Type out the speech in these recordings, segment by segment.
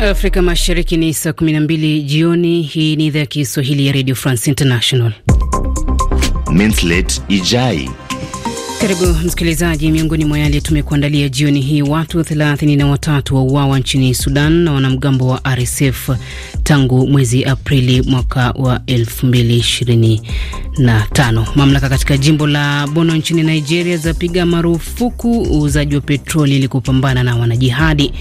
Afrika Mashariki ni saa 12 jioni. Hii ni idhaa ya Kiswahili ya Radio France International. Mintlet Ijai karibu msikilizaji, miongoni mwa yale tumekuandalia jioni hii: watu 33 wauawa nchini Sudan na wanamgambo wa RSF tangu mwezi Aprili mwaka wa 2025. Mamlaka katika jimbo la Bono nchini Nigeria zapiga marufuku uuzaji wa petroli ili kupambana na wanajihadi,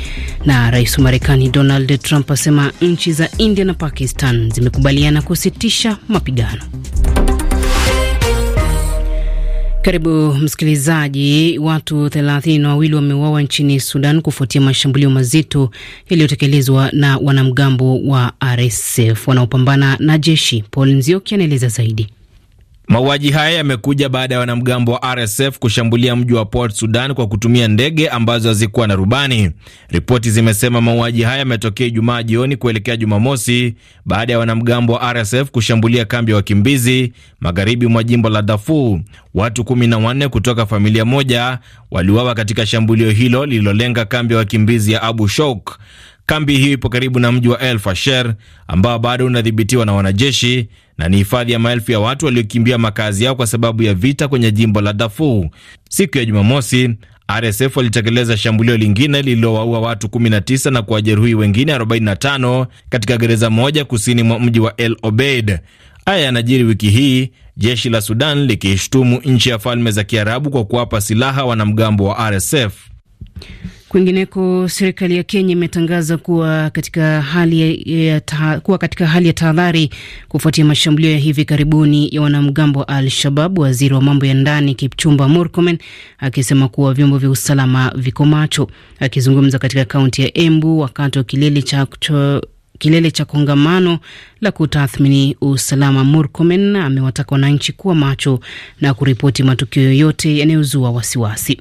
na rais wa Marekani Donald Trump asema nchi za India na Pakistan zimekubaliana kusitisha mapigano. Karibu msikilizaji. Watu thelathini na wawili wameuawa nchini Sudan kufuatia mashambulio mazito yaliyotekelezwa na wanamgambo wa RSF wanaopambana na jeshi. Paul Nzioki anaeleza zaidi. Mauaji haya yamekuja baada ya wanamgambo wa RSF kushambulia mji wa Port Sudan kwa kutumia ndege ambazo hazikuwa na rubani. Ripoti zimesema mauaji haya yametokea Ijumaa jioni kuelekea Jumamosi baada ya wanamgambo wa RSF kushambulia kambi ya wa wakimbizi magharibi mwa jimbo la Darfur. Watu 14 kutoka familia moja waliuawa katika shambulio hilo lililolenga kambi ya wa wakimbizi ya Abu Shouk. Kambi hiyo ipo karibu na mji wa El Fasher ambao bado unadhibitiwa na wanajeshi na ni hifadhi ya maelfu ya watu waliokimbia makazi yao kwa sababu ya vita kwenye jimbo la Darfur. Siku ya Jumamosi, RSF walitekeleza shambulio lingine lililowaua watu 19 na kuwajeruhi wengine 45 katika gereza moja kusini mwa mji wa El Obeid. Haya yanajiri wiki hii, jeshi la Sudan likishutumu nchi ya Falme za Kiarabu kwa kuwapa silaha wanamgambo wa RSF. Kwingineko, serikali ya Kenya imetangaza kuwa katika hali ya, ta, kuwa katika hali ya tahadhari kufuatia mashambulio ya hivi karibuni ya wanamgambo wa Al-Shabab, waziri wa mambo ya ndani Kipchumba Murkomen akisema kuwa vyombo vya usalama viko macho. Akizungumza katika kaunti ya Embu wakati wa kilele cha kilele cha kongamano la kutathmini usalama, Murkomen amewataka wananchi kuwa macho na kuripoti matukio yoyote yanayozua wasiwasi.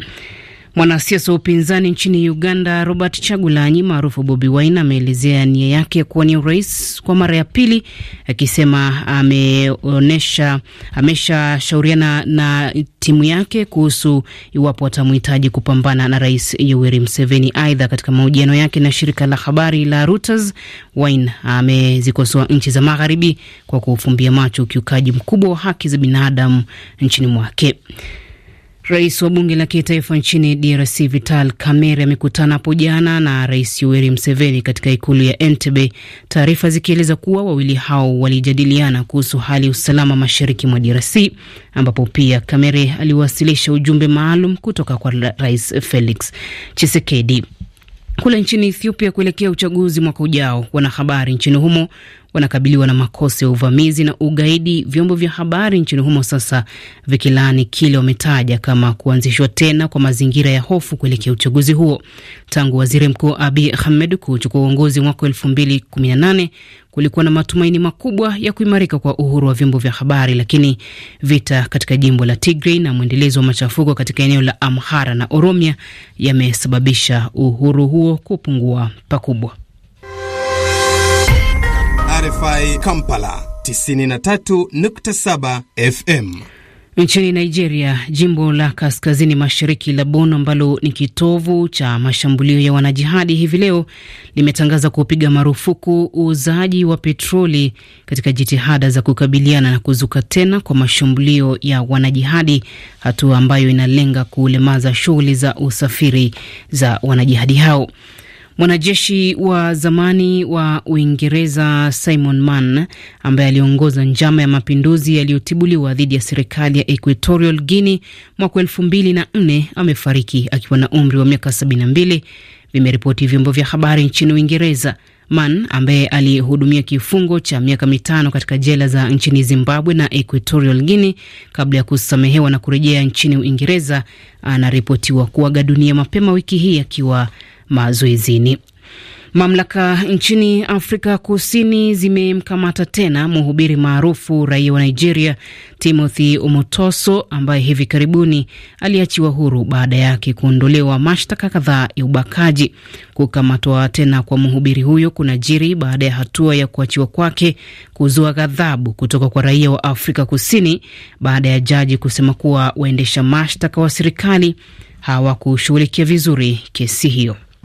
Mwanasiasa wa upinzani nchini Uganda Robert Chagulanyi maarufu Bobi Wine ameelezea nia yake ya kuwania urais kwa mara ya pili, akisema ameonyesha ameshashauriana na timu yake kuhusu iwapo atamhitaji kupambana na rais Yoweri Museveni. Aidha, katika mahojiano yake na shirika la habari la Reuters, Wine amezikosoa nchi za magharibi kwa kufumbia macho ukiukaji mkubwa wa haki za binadamu nchini mwake. Rais wa bunge la kitaifa nchini DRC Vital Kamerhe amekutana hapo jana na Rais Yoweri Museveni katika ikulu ya Entebbe, taarifa zikieleza kuwa wawili hao walijadiliana kuhusu hali ya usalama mashariki mwa DRC, ambapo pia Kamerhe aliwasilisha ujumbe maalum kutoka kwa Rais Felix Tshisekedi. Kule nchini Ethiopia kuelekea uchaguzi mwaka ujao, wanahabari nchini humo wanakabiliwa na makosa ya uvamizi na ugaidi, vyombo vya habari nchini humo sasa vikilani kile wametaja kama kuanzishwa tena kwa mazingira ya hofu kuelekea uchaguzi huo. Tangu waziri mkuu abi Ahmed kuchukua uongozi mwaka nane kulikuwa na matumaini makubwa ya kuimarika kwa uhuru wa vyombo vya habari, lakini vita katika jimbo la Tigray na mwendelezo wa machafuko katika eneo la Amhara na Oromia yamesababisha uhuru huo kupungua pakubwa. RFI Kampala 93.7 FM. Nchini Nigeria, jimbo la kaskazini mashariki la bono ambalo ni kitovu cha mashambulio ya wanajihadi hivi leo limetangaza kupiga marufuku uuzaji wa petroli katika jitihada za kukabiliana na kuzuka tena kwa mashambulio ya wanajihadi, hatua ambayo inalenga kulemaza shughuli za usafiri za wanajihadi hao. Mwanajeshi wa zamani wa Uingereza Simon Mann ambaye aliongoza njama ya mapinduzi yaliyotibuliwa dhidi ya serikali ya Equatorial Guinea mwaka elfu mbili na nne amefariki akiwa na umri wa miaka mbili, vimeripoti vyombo vya habari nchini Uingereza. Man ambaye alihudumia kifungo cha miaka mitano katika jela za nchini Zimbabwe na Equatorial Guinea kabla ya kusamehewa na kurejea nchini Uingereza, anaripotiwa kuaga dunia mapema wiki hii akiwa mazoezini. Mamlaka nchini Afrika Kusini zimemkamata tena mhubiri maarufu raia wa Nigeria Timothy Omotoso ambaye hivi karibuni aliachiwa huru baada yake kuondolewa mashtaka kadhaa ya ubakaji. Kukamatwa tena kwa mhubiri huyo kunajiri baada ya hatua ya kuachiwa kwake kuzua ghadhabu kutoka kwa raia wa Afrika Kusini baada ya jaji kusema kuwa waendesha mashtaka wa serikali hawakushughulikia vizuri kesi hiyo.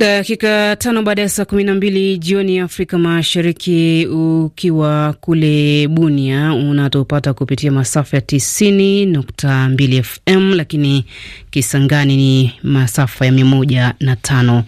Dakika tano baada ya saa kumi na mbili jioni ya Afrika Mashariki, ukiwa kule Bunia unatopata kupitia masafa ya tisini nukta mbili FM, lakini Kisangani ni masafa ya mia moja na tano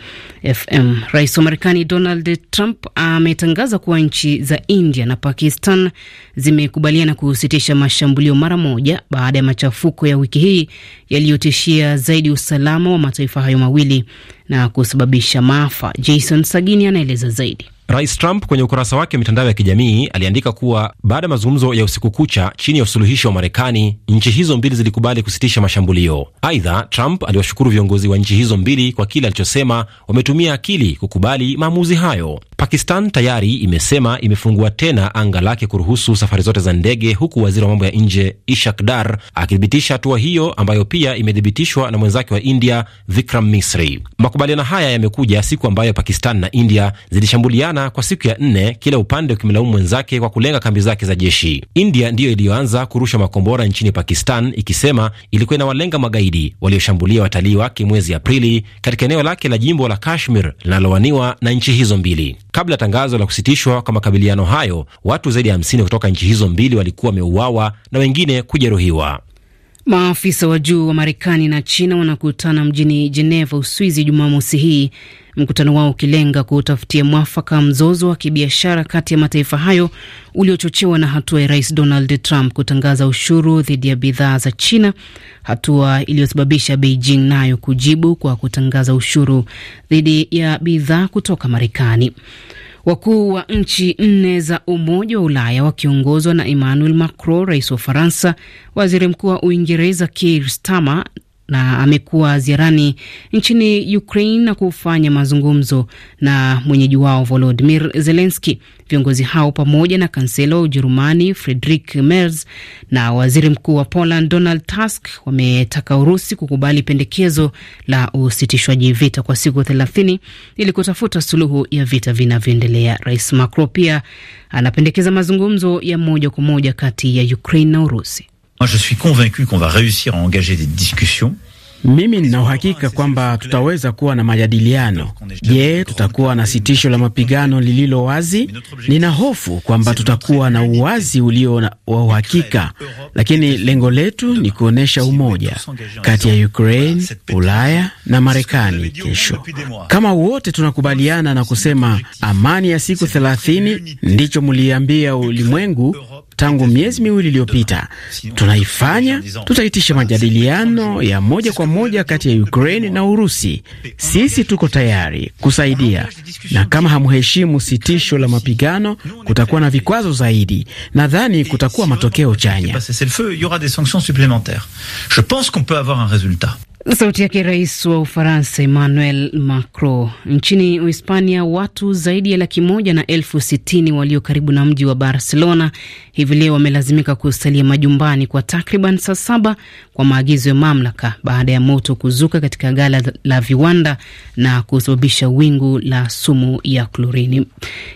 FM. Rais wa Marekani Donald Trump ametangaza kuwa nchi za India na Pakistan zimekubaliana kusitisha mashambulio mara moja baada ya machafuko ya wiki hii yaliyotishia zaidi usalama wa mataifa hayo mawili na kusababisha kusababisha maafa. Jason Sagini anaeleza zaidi. Rais Trump kwenye ukurasa wake wa mitandao ya kijamii aliandika kuwa baada ya mazungumzo ya usiku kucha chini ya usuluhishi wa Marekani, nchi hizo mbili zilikubali kusitisha mashambulio. Aidha, Trump aliwashukuru viongozi wa nchi hizo mbili kwa kile alichosema wametumia akili kukubali maamuzi hayo. Pakistan tayari imesema imefungua tena anga lake kuruhusu safari zote za ndege, huku waziri wa mambo ya nje Ishak Dar akithibitisha hatua hiyo ambayo pia imethibitishwa na mwenzake wa India Vikram Misri. Makubaliano haya yamekuja siku ambayo Pakistan na India zilishambuliana kwa siku ya nne, kila upande ukimlaumu mwenzake kwa kulenga kambi zake za jeshi. India ndiyo iliyoanza kurusha makombora nchini Pakistan ikisema ilikuwa inawalenga magaidi walioshambulia watalii wake mwezi Aprili katika eneo lake la jimbo la Kashmir linalowaniwa na nchi hizo mbili. Kabla ya tangazo la kusitishwa kwa makabiliano hayo, watu zaidi ya 50 kutoka nchi hizo mbili walikuwa wameuawa na wengine kujeruhiwa. Maafisa wa juu wa Marekani na China wanakutana mjini Jeneva, Uswizi, Jumamosi hii, mkutano wao ukilenga kuutafutia mwafaka mzozo wa kibiashara kati ya mataifa hayo uliochochewa na hatua ya Rais Donald Trump kutangaza ushuru dhidi ya bidhaa za China, hatua iliyosababisha Beijing nayo kujibu kwa kutangaza ushuru dhidi ya bidhaa kutoka Marekani. Wakuu wa nchi nne za Umoja wa Ulaya wakiongozwa na Emmanuel Macron, rais wa Faransa, waziri mkuu wa Uingereza Keir Starmer na amekuwa ziarani nchini Ukraine na kufanya mazungumzo na mwenyeji wao Volodimir Zelenski. Viongozi hao pamoja na kansela wa Ujerumani Friedrich Merz na waziri mkuu wa Poland Donald Tusk wametaka Urusi kukubali pendekezo la usitishwaji vita kwa siku thelathini ili kutafuta suluhu ya vita vinavyoendelea. Rais Macron pia anapendekeza mazungumzo ya moja kwa moja kati ya Ukraine na Urusi. Moi, je suis convaincu qu'on va réussir à engager des discussions. Mimi nina uhakika kwamba tutaweza kuwa na majadiliano. Je, tutakuwa na sitisho la mapigano lililo wazi? Nina hofu kwamba tutakuwa na uwazi ulio wa uhakika, lakini lengo letu ni kuonyesha umoja kati ya Ukraine, Ulaya na Marekani kesho. Kama wote tunakubaliana na kusema amani ya siku thelathini, ndicho mliambia ulimwengu tangu miezi miwili iliyopita. Tunaifanya, tutaitisha majadiliano ya moja kwa moja kati ya Ukraine na Urusi. Sisi tuko tayari kusaidia, na kama hamheshimu sitisho la mapigano, kutakuwa na vikwazo zaidi. Nadhani kutakuwa matokeo chanya. Eh, Sauti yake rais wa Ufaransa Emmanuel Macron. Nchini Uhispania, watu zaidi ya laki moja na elfu sitini walio karibu na mji wa Barcelona hivi leo wamelazimika kusalia majumbani kwa takriban saa saba kwa maagizo ya mamlaka baada ya moto kuzuka katika gala la viwanda na kusababisha wingu la sumu ya klorini.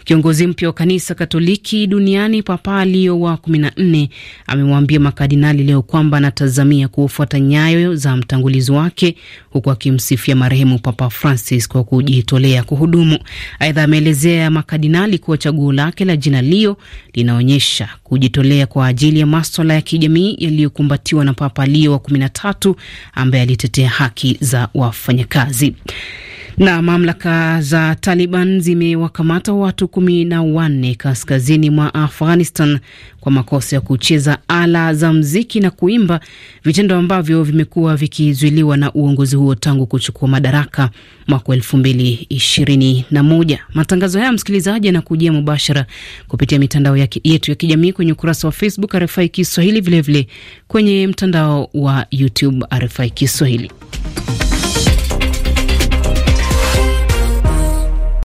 Kiongozi mpya wa kanisa Katoliki duniani Papa Leo wa 14 amewaambia makardinali leo kwamba anatazamia kufuata nyayo za mtangulizi wake huku akimsifia marehemu Papa Francis kwa kujitolea kuhudumu. Aidha, ameelezea makadinali kuwa chaguo lake la jina Leo linaonyesha kujitolea kwa ajili ya maswala ya kijamii yaliyokumbatiwa na Papa Leo wa tatu ambaye alitetea haki za wafanyakazi. Na mamlaka za Taliban zimewakamata watu kumi na wanne kaskazini mwa Afghanistan kwa makosa ya kucheza ala za mziki na kuimba, vitendo ambavyo vimekuwa vikizuiliwa na uongozi huo tangu kuchukua madaraka mwaka elfu mbili ishirini na moja. Matangazo haya msikilizaji anakujia mubashara kupitia mitandao ya yetu ya kijamii kwenye ukurasa wa Facebook RFI Kiswahili, vilevile kwenye mtandao wa YouTube RFI Kiswahili.